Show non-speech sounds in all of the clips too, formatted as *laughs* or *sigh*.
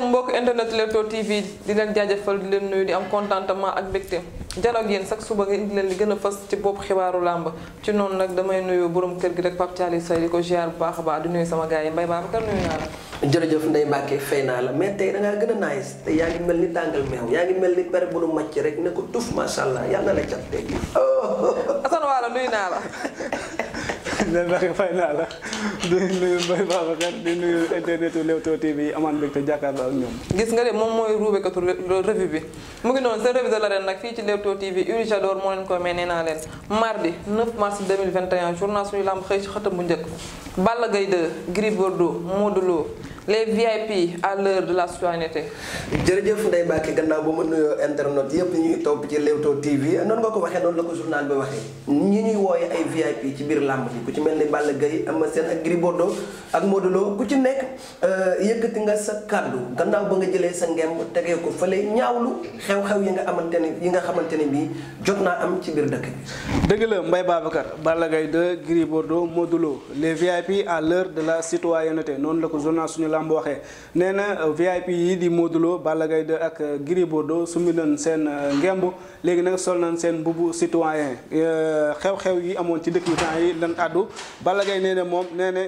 salaamaaleykum mbokk internet Leewtoo TV di leen jaajëfal di leen nuyu di am contentement ak mbégte janoog yéen sax suba nga indi leen gën a fës ci bopp xibaaru làmb ci noonu nag damay nuyu borom kër gi rek Pape Thialy Seye di ko ziar bu baax a baax di nuyu sama gars yi Mbaye Babacar nuyu naa la. jërëjëf Ndeye Mbacke fay naa la mais tey da gën a nice te yaa ngi mel ni tàngal meew yaa ngi mel ni pere bu nu màcc rek ne ko tuf macha allah yàlla la cat tey. Assane Wala nuyu naa *laughs* ne nag fay naa la di nuyu Mbaye Babacar di nuyu internetu Leewtoo TV yi amaan mbégte jàkkaarloo ak ñoom. gis nga de moom mooy ruubekatu revue bi mu ngi noonu sa revue de l'arène nag fii ci Leewtoo TV Uri moo leen koy may nee leen mardi 9 mars 2021 journal suñu lamb xëy ci xëtam bu njëkk Balla Gaye 2 Gris Bordeaux Modou Lo les VIP à l'heure de la citoyenneté. jërëjëf Ndeye Mbacke gannaaw ba mu nuyoo internet yëpp ñuy topp ci Leewtoo TV noonu nga ko waxee noonu la ko journal bi waxee ñi ñuy wooye ay VIP ci biir làmb ji ku ci mel ni Balla Gaye Ama Sène ak Gris Bordeaux ak Modou Lo ci nekk euh, yëkkati nga sa kàddu gannaaw ba nga jëlee sa ngemb tegee ko fële ñaawlu xew-xew yi nga xamante ne yi nga xamante ne bii jot naa am ci biir dëkk bi. dëgg la Mbaye Babacar Balla Gaye de Gris Bordeaux Modou Lo les la la ko journal lamb waxee na euh, VIP yi di Modou Lo Balla Gaye 2 ak euh, Gris Bordeaux summi leen seen euh, ngemb léegi nag sol nañ seen mbubu citoyen xew-xew yi amoon ci dëkk yi temps yi lan àddu Balla Gaye moom nee na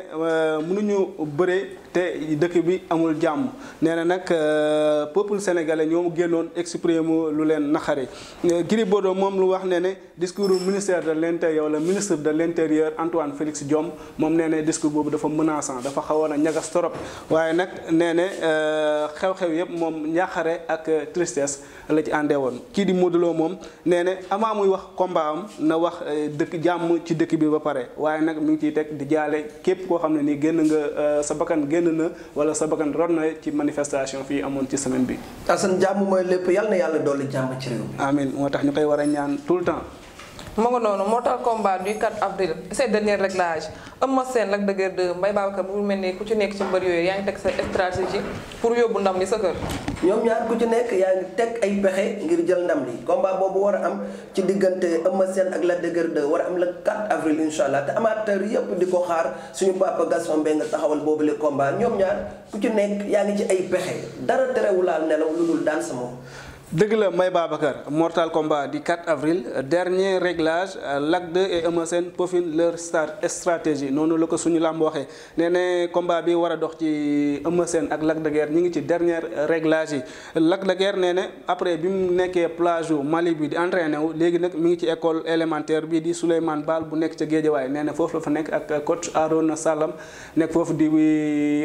bëree te dëkk bi amul jàmm nee na nag euh, peuple sénégalais ñoom génnoon exprimer lu leen naqar naxari euh, Gris Bordeaux moom lu wax ne ne discours ministère de l'intérieur wala ministre de l'intérieur Antoine Félix Diome moom nee ne discours boobu dafa menaçant dafa xawoon a ñagas torop waaye nag nee ne euh, xew-xew yëpp moom njaaxare ak tristesse la ci àndee woon kii di Modou Lo moom nee ne avant muy wax combat am na wax dëkk jàmm ci dëkk bi ba pare waaye nag mu ngi ciy teg di jaale képp koo xam ne nii génn nga sa bakkan génn génn na wala sa bakkan rot na ci manifestation fii amoon ci semaine bi. Assane jàmm mooy lépp yàlla yàlla dolli jàmm ci réew mi. amiin moo tax ñu koy war a ñaan tout le temps. mu nga noonu moo tax combat du 4 avril ces derniers réglages Eumeu Sène Lac de Guiers 2 Mbaye Babacar bu mel ni ku ci nekk ci mbër yooyu yaa ngi teg sa stratégie pour yóbbu ndam li sa kër. ñoom ñaar ku ci nekk yaa ngi teg ay pexe ngir jël ndam li combat boobu war a am ci diggante Eumeu Sène ak Lac de Guiers 2 war a am le 4 avril incha allah te yëpp di ko xaar suñu papa Gaston Mbengue taxawal boobu le combat ñoom ñaar ku ci nekk yaa ngi ay pexe dara terewulaal nelaw lu dul daan sa moom. dëgg la Mbaye Babacar Mortal Kombat du 4 avril dernier réglage euh, Lac 2 et Eumeu Sène peaufinent leur star stratégie noonu la ko suñu làmb waxee nee ne combat bi war a dox ci Eumeu Sène ak Lac de Guiers ngi ci dernier réglage yi Lac de Guiers nee ne après bi mu nekkee plage u Mali bi di entraîné wu léegi nag mu ngi ci école élémentaire bi di Souleymane Baal bu nekk ca Géejawaay nee ne foofu la fa nekk ak coach Arona Salam nekk foofu di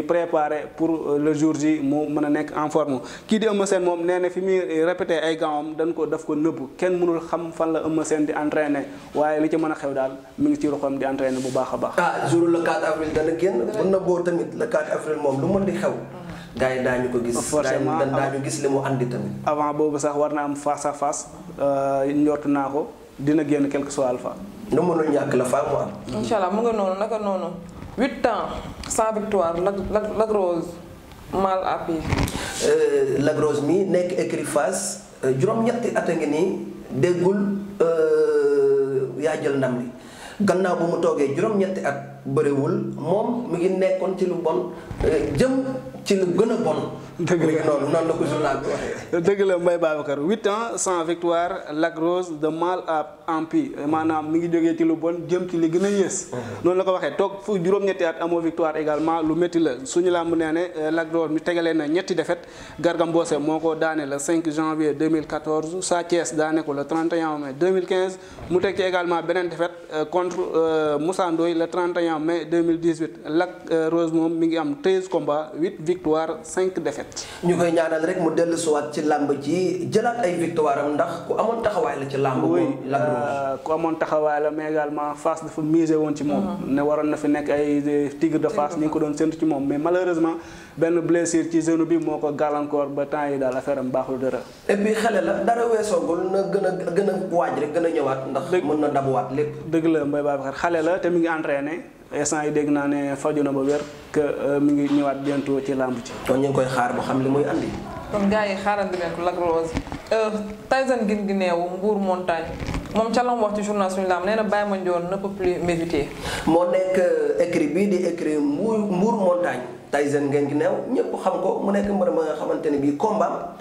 préparé pour euh, le jour J mu mën a nekk en forme répété ay gaawam dañ ko daf ko nëbb kenn mënul xam fan la Eumeu Sène di entraîné waaye li ci mën a xew daal mi ngi ci roxam di entraîné bu baax a baax. ah jour le avril dana génn bu nëbboo tamit le avril moom lu mën di xew. gars yi daañu ko gis. forcément daañu gis li mu andi tamit. avant boobu sax war na am face à face euh, njortu naa ko dina génn quelque soit alpha. nu mënul ñàkk la faa mu am. incha allah mu nga noonu naka noonu. huit ans sans victoire Lac Rose. mal appui. Euh, Lagrosse mi nekk écurie Fass euh, juróom-ñetti at a ngi nii déggul euh, yaa jël ndam li gannaaw bu mu toogee juróom-ñetti at bëriwul moom mu ngi nekkoon ci lu bon jëm ci lu gën a bon. dëgg la noonu noonu la ko journal bi waxee. huit ans sans victoire Lac Rose de mal en pis maanaam mi ngi jógee ci lu bon jëm ci li gën a yées. Mhm. noonu la ko waxee toog fu juróom-ñetti at amoo victoire également lu métti la suñu làmb nee ne euh, Lac Rose mi tegalee na ñetti défaite Garga Mbossé moo ko daane le 5 janvier 2014 Sa Thiès daane ko le 31 mai 2015 mu teg ci également beneen défaite euh, contre euh, Moussa Ndoye le 31 mai 2018 Lac Rose moom mi ngi am 13 combats 8 victoire cinq défaites. ñu koy ñaanal rek mu dellu suwaat ci làmb ji jëlaat ay victoire am ndax ku amoon taxawaay la ci làmb. moom Lac Rose euh, ku amoon taxawaay la mais également Fass dafa misé woon ci moom. Mm-hmm. ne waroon na fi nekk ay tigre de Fass ñu ngi ko doon séntu ci moom mais malheureusement benn blessure ci genou bi moo ko gàllankoor ba temps yi daal affaire am baaxul dara. et puis xale la dara weesoogul na gën a gën a waaj rek gën a ñëwaat ndax. mën na dabuwaat lépp. dëgg la Mbaye Babacar xale la te mi ngi entraîné instant yi dégg naa ne faju na ba wér Euh, mu ngi ñëwaat bientôt ci làmb ci kon ñu ngi koy xaar ba xam li muy andi. kon gars yi xaarandi leen ko Lac Rose euh, Tyson gin gi neewu mbuur montagne moom ca la wax ci journal suñu laam nee na Baye Mandione ne peut plus m'éviter. moo nekk euh, écrit bii di écrit Mbour Mbour montagne Tyson gin gi neew ñëpp xam ko mu nekk mbër ma nga xamante ne bii combat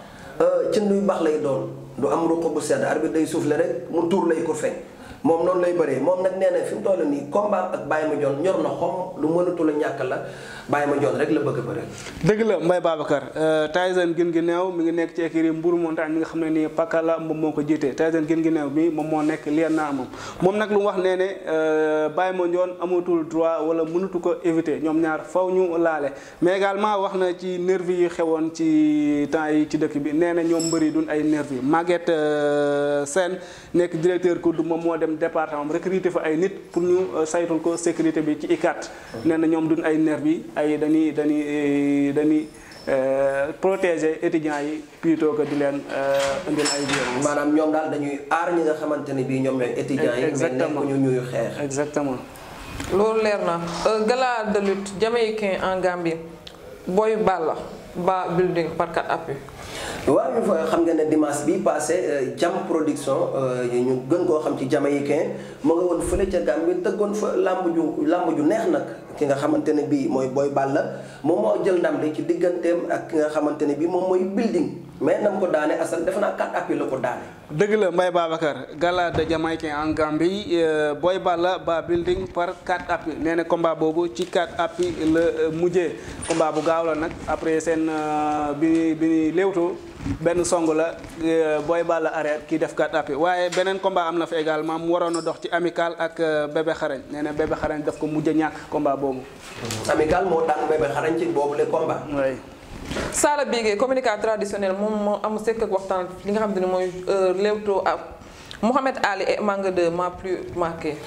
ci nuy baax lay doon du am ruq bu sedd arbitre day soufflé rek mu tuur lay ko fekk. moom noonu lay bëree moom nag nee na fi mu toll nii combat ak Baye Mandione ñor na xom lu mënatul a ñàkk la bàyyi ma Mandione rek la bëgg a bëri. dëgg la Mbaye Babacar euh, Tyson gi neew mi ngi nekk ci écurie Mbour mi nga xam ne nii Pakala moom moo ko jiite Tyson gën gi neew bi moom moo nekk lien naa moom moom nag lu mu wax nee ne euh, Baye Mandione amatul droit wala mënatu ko éviter ñoom ñaar faw ñu laale mais également wax na ci nervi yi xewoon ci temps yi ci dëkk bi nee na ñoom mbari duñ ay nervi Maguette euh, Sène nekk directeur COUD moom moo dem dem département am recruter fa ay nit pour ñu euh, saytul ko sécurité bi ci ICAT. nee na ñoom dun ay nervi ay dañuy dañuy euh, dañuy. Euh, protéger étudiants yi plutôt que di leen indil ay violence. maanaam ñoom daal dañuy aar ñi nga xamante ne bii ñoom ñooy. étudiants yi exactement ñu ñuy xeex. exactement. loolu leer na gala de lutte jamaïcain en Gambie Boy Balla ba building par quatre appuis waaw ñu xam nga ne dimanche bi passé euh, jam production yi euh, ñu gën koo xam ci jamaïcain mu nga woon fële ca Gàmbi tëggoon fa làmb ju làmb ju neex nag ki nga xamante ne bii mooy Boy Balla moom moo jël ndam li ci digganteem ak ki nga xamante ne bii moom mooy building mais nam ko daane asal defe naa quatre appui la ko daane. dëgg la Mbaye Babacar gala de Jamaïcain en Gambie euh, Boy Balla ba building par quatre appui nee na combat boobu ci quatre appui la mujjee combat bu gaaw la nag après seen bi bi léewtoo benn song la euh, booy bàll arrêt kii def kat appui waaye beneen combat am na fa également mu waroon a dox ci amical ak euh, bébé xarañ nee na bébé xarañ daf ko mujj a ñàkk combat boobu. amical moo daan bébé xarañ ci boobu le combat. oui. Sala Bigué communicateur traditionnel moom moo am sekk ak waxtaan li nga xam te ne mooy euh, Leewtoo ak. Mohamed Ali et Manga 2 m'a plus marqué.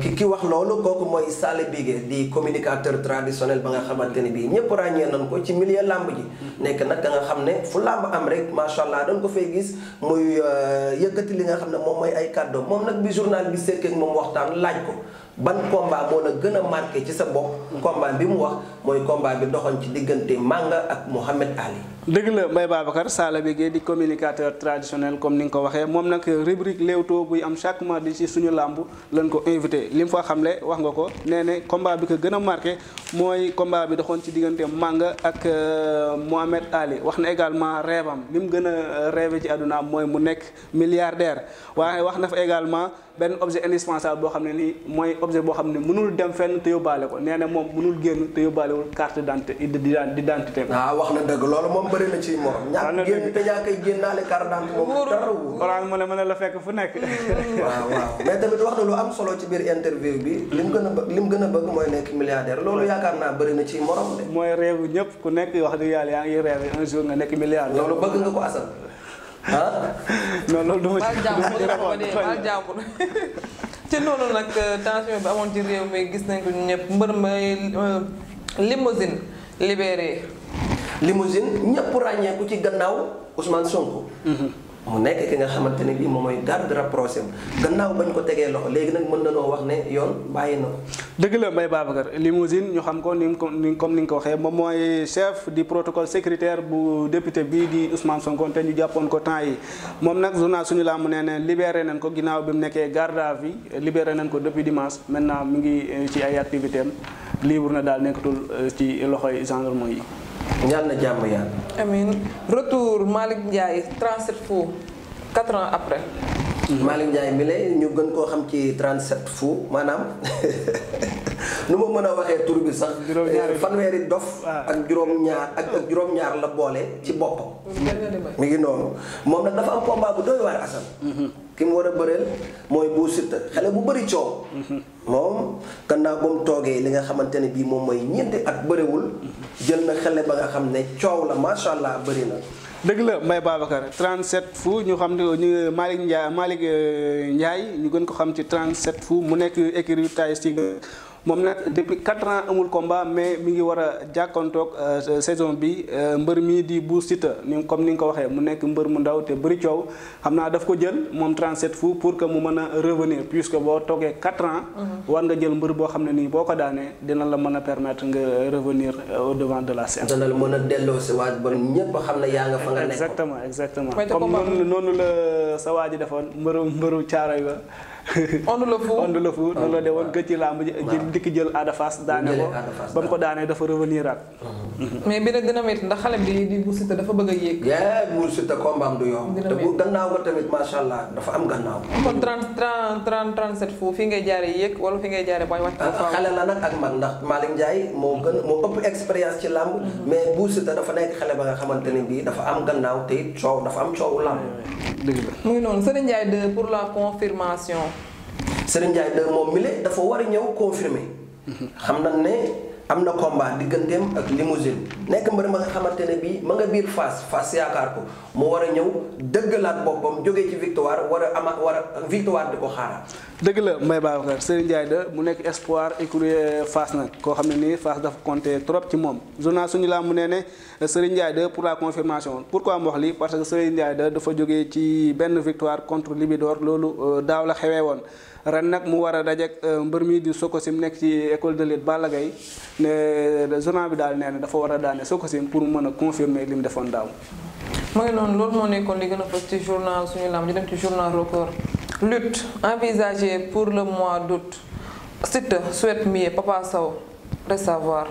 ki ki wax loolu kooku mooy Salé Bigué di communicateur traditionnel ba nga xamante ne bii ñëpp ràññee nañ ko ci milieu làmb ji. nekk nag da nga xam ne fu làmb am rek macha allah dañ ko fay gis muy euh, yëkkati li nga xam ne moom mooy ay kàddoom moom nag bi journal bi sekkee moom waxtaan laaj ko. ban combat moo la gën a marqué ci sa bopp. Mm. combat bi mu wax mooy combat bi doxoon ci diggante Manga ak Mohamed Ali. dëgg la Mbaye Babacar Sala Bigué di communicateur traditionnel comme ni nga ko waxee moom nag rubrique Leewtoo buy am chaque mardi ci suñu làmb lañ ko invité li mu fa xamle wax nga ko nee ne bi ko gën a marqué mooy combat bi doxoon ci diggante màng ak euh, Mohamed Ali wax na également rêvam li mu gën a euh, rêvé ci àdduna mooy mu nekk milliardaire waaye wax na fa également benn objet indispensable boo xam ne nii mooy objet boo xam ne mënul dem fenn te ko nee na moom mënul génn te yóbbaalewul carte d'identité di daan di bëri na ci morom. ñàkk génn te ñàkk ay génnaale carte d'identité moom dara wu. orang ne la fekk fu nekk. *laughs* waaw waaw mais tamit wax na lu am solo ci biir interview bi. li mu gën a bëgg li mu gën a bëgg mooy nekk milliardaire loolu yaakaar naa bëri na ci morom de. mooy réewu ñëpp ku nekk wax dëgg yàlla yaa ngi rêvé un jour nga nekk milliardaire. loolu bëgg nga ko asal *laughs* ah. non loolu duma ci ci *laughs* loolu nag euh, tension bi amoon ci gis nañ ko ñëpp mbër may euh, limousine libéré. limousine ñëpp ràññee ku ci gannaaw Ousmane Sonko. mu nekk ki nga xamante ne bii moom mooy garde rapproché gannaaw bañ ko tegee loxo léegi nag mën nañoo wax ne yoon bàyyi na ko. dëgg la Mbaye Babacar limousine ñu xam ko ni mu comme ni nga ko waxee moom mooy chef du protocole sécuritaire bu député bii di Ousmane Sonko te ñu jàppoon ko temps yi moom nag journal suñu làmb nee na libéré nañ ko ginnaaw bi mu nekkee garde à vue libéré nañ ko depuis dimanche maintenant mu ngi euh, ci ay activités am na daal nekkatul euh, ci loxoy gendarmerie yi. ñaan na jàmm yàlla. amiin retour Malick Ndiaye transit fou quatre ans après. Malick Ndiaye mi lay ñu gën koo xam ci 37 fou maanaam *laughs* nu ma mën a waxee tur bi sax. juróom-ñaar eh, fanweeri dof. ak juróom-ñaar ak juróom-ñaar la boole ci bopp. Mm-hmm. mi ngi noonu moom nag dafa am combat bu doy waar Assane. Mm-hmm. ki mu war a bëreel mooy Bou Siteu xale bu bëri coow. moom kandaa ba mu toogee li nga xamante ne bii moom mooy ñeenti at bëriwul. jël na xale ba nga xam ne coow la macha allah bëri na. dëgg la Mbaye Babacar 37 fu ñu xam ne ñu Malick Ndiaye Malick euh, Ndiaye ñu gën ko xam ci 37 fu mu nekk écurie Tay Shinger moom nag depuis quatre ans amul combat mais mi ngi war a jàkkoontoog euh, saison bi euh, mbër mii di Bou Siteu ni comme ni nga ko waxee mu nekk mbër mu ndaw te bëri coow xam naa daf ko jël moom 37 fou pour que mu mën a revenir puisque boo toogee quatre ans. Mhm. war nga jël mbër boo xam ne nii boo ko daanee dina la mën a permettre nga revenir euh, au devant de la scène. dana la mën a delloo si waat ba ñëpp xam ne yaa nga fa nga nekk. exactement exactement comme noonu noonu la sa waa defoon mbëru mbëru caaroy ba. *laughs* Onde le Fou Onde le Fou noonu la de woon gëj làmb ji dikk jël Ada Fass ko ba ko daanee dafa revenir mm-hmm. mais bi nag dina ndax xale bi di Bou Siteu dafa bëgg a yéeg yee Bou Siteu combat am du yomb te bu gannaaw nga macha allah dafa am gannaaw kon 30 30 30 37 fii ngay jaare yéeg wala fii ngay jaare booy wàcc ah, ah, xale la nag ak mag ndax Malick Ndiaye moo gën moo ëpp expérience ci làmb mm-hmm. mais Bou Siteu dafa nekk xale ba nga xamante ne bii dafa am gannaaw te it coow dafa am coowu làmb dëgg noonu Serigne Ndiaye 2 pour la confirmation. Serigne Ndiaye 2 moom mi le dafa war a ñëw confirmer. xam na ne am na combat digganteem ak limousine nekk mbër ma nga xamante ne bii ma nga biir Fass Fass yaakaar ko mu war a ñëw dëggalaat boppam jógee ci victoire war a ama war a victoire di ko xaaraat. dëgg la Mbaye Babacar Serigne Ndiaye da mu nekk espoir écurie euh, Fass nag koo xam ne nii Fass dafa compter trop ci moom journal suñu laa mu nee ne euh, Serigne Ndiaye da pour la confirmation pourquoi mu wax lii parce que Serigne Ndiaye da dafa jógee ci benn victoire contre Libidor loolu euh, daaw la xewee woon ren nag mu war a dajeek mbër mi di mu nekk ci école de lutte Balla Gaye ne journal bi daal nee na dafa war a daane Sokosim pour mu mën a confirmer li mu defoon daaw. Lutte envisagée pour le mois d'août. Siteu souhaite mieux Papa Sow recevoir.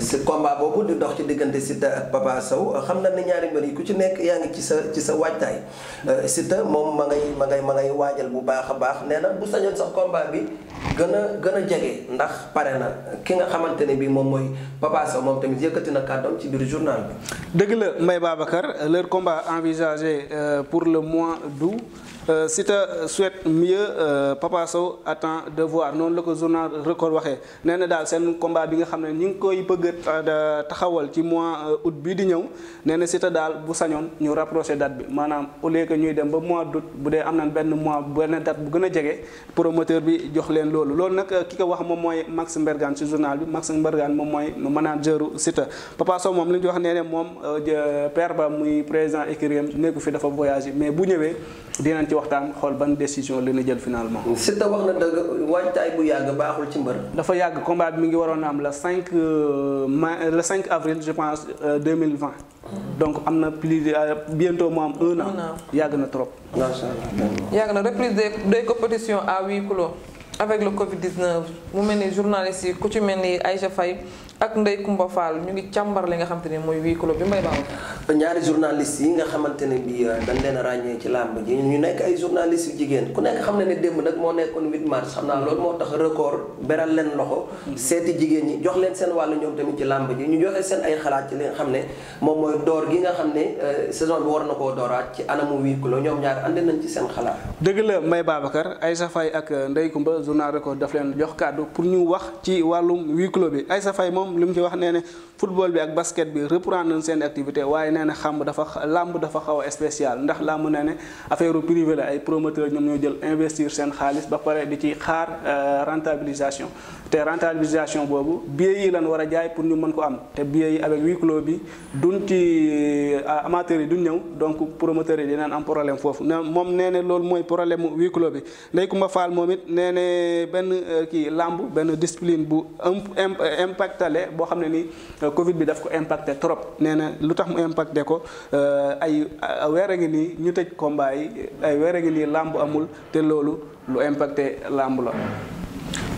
si euh, combat boobu di dox ci diggante Siteu ak Papa Sow xam na ne ñaari mbër yi ku ci nekk yaa ngi ci sa ci sa waajtaay euh, Siteu moom ma ngay ma ngay ma ngay waajal bu baax a baax nee na bu sañoon sax combat bi gën a gën a jege ndax pare na ki nga xamante ne bii moom mooy Papa Sow moom tamit yëkkati na kàddoom ci biir journal bi. dëgg la Mbaye Babacar leur combat envisagé euh, pour le mois d'août Euh, si te souhaite mieux euh, Papa Sow de voir noonu la ko journal record waxee nee na daal seen combat bi nga xam ne ñu ngi koy bëgg taxawal ci mois euh, août bii di ñëw nee na si daal bu sañoon ñu rapproché date bi maanaam au lieu que ñuy dem ba mois d'août bu dee am na benn mois benn date bu gën a jege promoteur leen loolu loolu nag ki ko wax moom mooy Max Mbergane ci journal bi Max Mbergane moom mooy manageru Siteu Papa Sow moom li ñu wax nee ne moom euh, père ba muy président écurie nekku fi dafa voyagé mais bu ñëwee dinañ ci waxtaan xool ban décision la ñu jël finalement. Siteu wax na dëgg waajtaay bu yàgg baaxul ci mbër. dafa yàgg combat bi mi ngi waroon am le 5 euh, euh, le 5 avril je pense 2020. donc am na plus de bientôt am un an. yàgg na trop. macha allah yàgg na reprise des des compétitions avec le Covid 19 mu mel ni journaliste yi ku ci mel ni Aïcha Faye ak Ndeye Kumba Fall ñu ngi càmbar li nga xamante ni mooy huis clos bi mbay yi nga xamante ne bii euh, dañ leen a ràññee ci làmb ji ñu nekk ay journaliste yu ku nekk xam na ne démb nag moo nekkoon 8 moo tax record beral leen loxo. seeti jigéen ñi jox leen seen wàll ñoom tamit ci làmb ji ñu joxe seen ay xam ne moom mooy door gi nga xam ne euh, saison bi war na koo dooraat ci anamu huis clos ñoom ñaar andi nañ ci seen xalaat. dëgg la Mbaye Babacar Aïssa Faye ak euh, Ndeye Kumba journal record daf leen jox kàddu pour ñu wax ci wàllum huis clos bi Aïssa Faye moom moom mu ci wax nee ne football bi ak basket bi reprendre seen activité waaye nee na xamb dafa làmb dafa xaw a spécial ndax làmb nee ne affaire privé la ay promoteur ñoom ñoo jël investir seen xaalis ba pare di ci xaar euh, rentabilisation te rentabilisation boobu bi yi lan war a jaay pour ñu mën ko am te billets yi avec huis bi duñ ci euh, amateurs yi du ñëw donc promoteurs yi dinañ am problème foofu ne moom nee ne loolu mooy problème mu huis bi ndey ku ma faal moom it nee ne benn euh, kii làmb benn discipline bu impact la boo xam ne ni euh, Covid bi daf ko impacté trop nee na lu tax mu impacté ko euh, ay weer a ngi nii ñu tëj combat yi ay weer a ngi nii làmb amul te loolu lu impacté làmb la.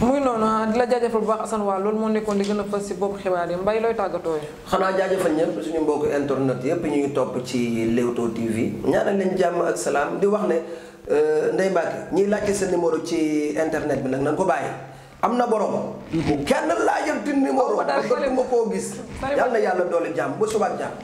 muy noonu ah, di la jaajëfal bu baax Assane waa loolu moo nekkoon di gën a fës ci boobu xibaar yi mbay looy tàggatoo yi xanaa jaajëfal ñëpp suñu mbokku internet yëpp ñu ngi topp ci Leewtoo TV ñaanal leen jàmm ak salaam di wax ne euh, Ndeye Mbacke ñii laajte sa numéro ci internet bi nag nañ ko bàyyi. am na boro borom. bu kenn laajal numéro. waaw waaw dama koo gis. yal na yàlla doole jàmm ba suba ak jàmm.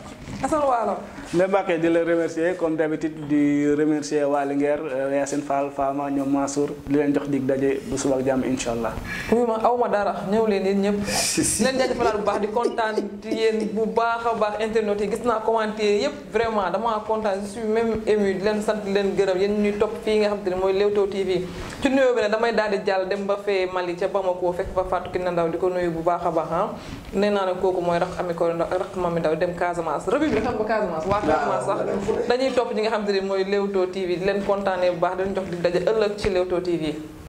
asalaamaaleykum. mais Mbacké di la remercier comme d'habitude di remercier waa Linguère euh, Yacine Fall Fama ñoom Mansour di leen jox dig daje bu suba jàmm incha allah. oui ma aw ma dara ñëw leen yéen ñëpp. *laughs* di leen jaajëfalaat bu baax di kontaan yéen bu baax a baax internet yi gis naa commentaire yëpp vraiment damaa kontaan je suis même ému di leen sant leen gërëm yéen ñuy topp fii nga xam te ne mooy Leewtoo TV. ci nuyoo bi nag damay daal di jàll dem ba fee Mali ca Bamako fekk fa Fatou Kiné ndaw di ko nuyu bu baax a baax ah nee naa ne kooku mooy rakk ami ko rakk mami Ndao dem Casamance revue bi vraiment sax dañuy topp ñi nga xam te ne mooy Leewtoo TV di leen kontaanee bu baax di jox di daje ëllëg ci Leewtoo TV.